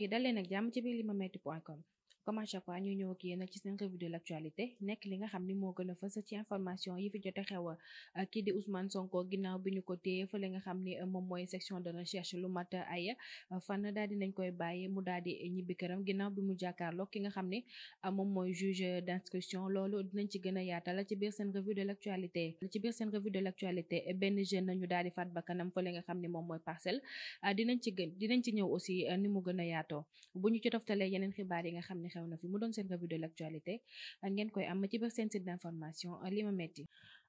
mbokk yi dal leen ak jàmm ci biir limametti.com comme à chaque fois ñu ñëw ak ci seen revue de l'actualité nekk li nga xam ni moo gën a fës ci information yi fi jote a euh, kii di Ousmane Sonko ginnaaw bi ñu ko téye fa li ni euh, moom mooy section de recherche lu mat ay euh, fan daal di koy bàyyi mu daal di ñibbi këram ginnaaw bi mu ki nga xam ni moom mooy juge d'instruction loolu dinañ ci gën a yaatal ci biir seen revue de l'actualité ci biir seen revue de l'actualité benn ñu daal di faat bakkanam fa li xam ni moom mooy parcelle dinañ ci gën dinañ ci ni mu gën a yaatu plateau bu ñu ci toftalee yeneen xibaar yi nga xam ne xew na fi mu doon seen revue de l' actualité ngeen koy am ci biir seen site d' information li ma metti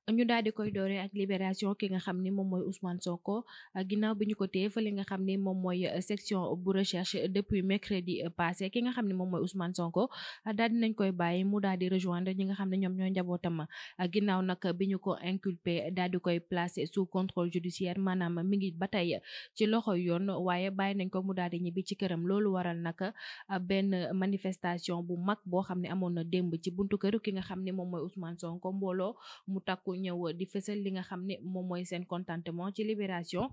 ñu daal di koy dooree ak libération ki nga xam ni moom mooy Ousmane Sonko ah, ginnaaw bi ñu ko téye fële nga xam ni moom mooy eh, section bu recherche depuis mercredi eh, passé ki nga ne moom mooy Ousmane Sonko ah, daal di nañ koy bàyyi mu daal di rejoindre ñi nga xam ne ñoom ñooy njabootam ah, ginnaaw nag bi ñu ko inculpé daal di koy placé sous contrôle judiciaire maanaam mi ngi ba tey ci loxo yoon waaye bàyyi nañ ko mu daal di ñibbi ci këram loolu waral nag benn manifestation bu mag boo xam ne amoon na démb ci buntu këru ki nga xam ne moom mooy Ousmane Sonko mbooloo ñëw di fësal li nga xam ne moom mooy seen contentement ci libération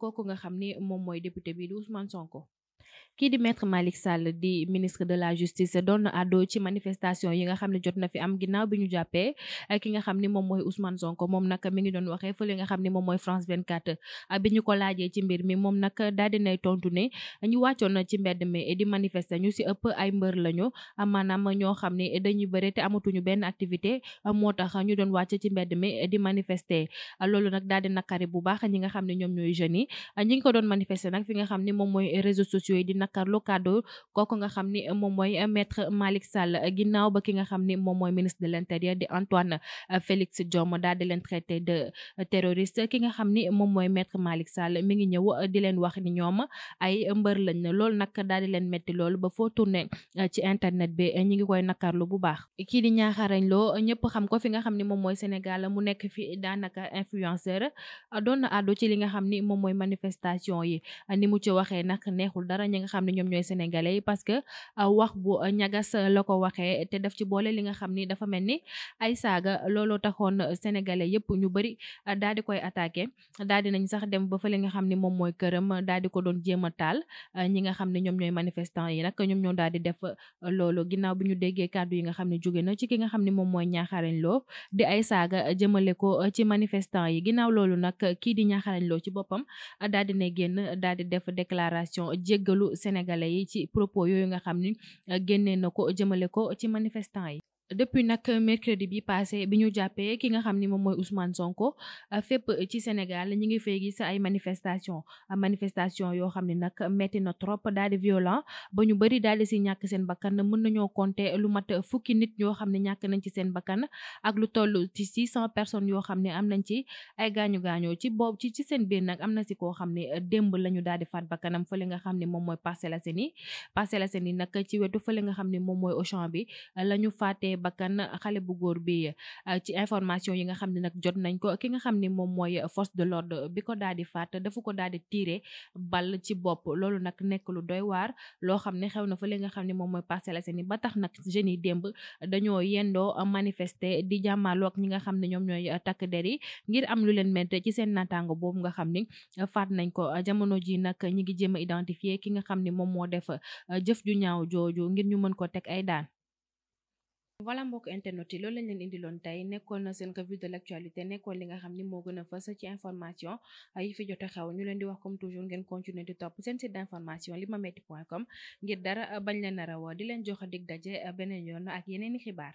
kooku nga xam ni moom mooy député bi di Ousmane Sonko. kii di maître Malick Sall di ministre de la justice doon ado ci manifestation yi nga xam ne jot na fi am ginnaaw bi ñu jàppee eh, ki nga xam ni moom mooy Ousmane Sonko moom nag mi ngi doon waxee fële nga xam ni moom mooy France 24 eh, bi ñu ko laajee ci mbir mi moom nag daal nay tontu ne eh, ñu wàccoon ci mbedd mi di manifester ñu si ëpp ay mbër lañu maanaam ñoo xam ne dañuy bëre te amatuñu benn activité moo tax ñu doon wàcc ci mbedd mi di manifester loolu nag daal di nakari bu baax ñi nga xam ne ñoom ñooy jeunes yi ñi ngi ko doon manifester nag fi nga xam ni moom mooy réseaux sociaux yooyu di nakarlu kàddu kooku nga xam ni moom mooy maître Malick Sall ginnaaw ba ki nga xam ni moom mooy ministre de l'intérieur di Antoine euh, euh, ki nga xam ni moom mooy maître Malick mi ngi ñëw euh, di leen wax ni ñoom ay mbër lañ na loolu nag daal di leen metti loolu ba foo tourné ci internet bi ñi ngi koy nakarlu bu baax kii di ñaaxarañ loo ñëpp xam ko fi nga xam ni moom Sénégal mu nekk fi daanaka influenceur doon na àddu ci li nga xam ni moom mooy manifestation yi ni mu ci waxee nag neexul dara ñi nga xam ne ñoom ñooy sénégalais yi parce que ah, wax bu ah, ñagas la ko waxee te def ci boole li nga xam ni dafa mel ni ay saaga looloo taxoon sénégalais yëpp ñu bëri ah, daal di koy attaqué daal di nañ sax dem ba fa li nga xam ni moom mooy këram daal di ko doon jéem taal ñi nga xam ne ñoom ñooy manifestant yi nag ñoom ñoo daal di def loolu ginaaw bi ñu déggee kàddu yi nga xam ne jóge na ci ki nga xam ni moom mooy ñaaxarañ loo di ay saaga jëmale ko ci manifestant yi ginnaaw loolu nag kii di ñaaxarañ loo ci boppam daal di def déclaration xelu sénégalais yi ci propos yooyu nga xam ni génnee na ko jëmale ko ci manifestant yi depuis nag mercredi bi passé bi ñu jàppee ki nga xam ni moom mooy Ousmane Sonko euh, fépp ci Sénégal ñi ngi fay gis ay manifestation euh, manifestation yoo xam ne nag metti na trop daal di violent ba ñu bëri daal di si ñàkk seen bakkan mën nañoo compter lu mat fukki nit ñoo xam ne ñàkk nañ ci seen bakkan ak lu toll ci six cent personnes yoo xam ne am nañ ci ay gaañu gaañoo ci boobu ci ci seen biir nag am na si koo xam ne euh, démb la daal di faat bakkanam fële nga xam ne moom mooy Parcelles Assainies Parcelles Assainies nag ci wetu fële nga xam ne moom mooy Auchan bi la ñu faatee bakkan xale bu góor bi ah, ci information yi nga xam ne nag jot nañ ko ki nga xam ni moom mooy force de l'ordre bi ko daal di faat dafa ko daal di tiire bal ci bopp loolu nag nekk lu doy waar loo xam ne xew na fa li nga xam ne moom mooy Parcelles Assainies ba tax nag jeunes yi démb dañoo yendoo manifester di jàmmaloo ñi nga xam ne ñoom ñooy takk der yi ngir am lu leen métte ci seen naataango boobu nga xam ni faat nañ ko jamono ji nag ñi ngi jéem a identifier ki nga xam ni moom moo def jëf ju ñaaw jooju ngir ñu mën ko teg ay daan wala mbokk internet yi loolu lañ leen indiloon tey nekkoon na seen revue de l' actualité nekkoon li nga xam ni moo gën a fës ci information ah, yi fi jot a xew ñu leen di wax comme toujours ngeen continuer di topp seen site d' information limametti point com ngir dara ah, bañ leen a rawoo di leen jox dig daje ah, beneen yoon ak yeneen i xibaar.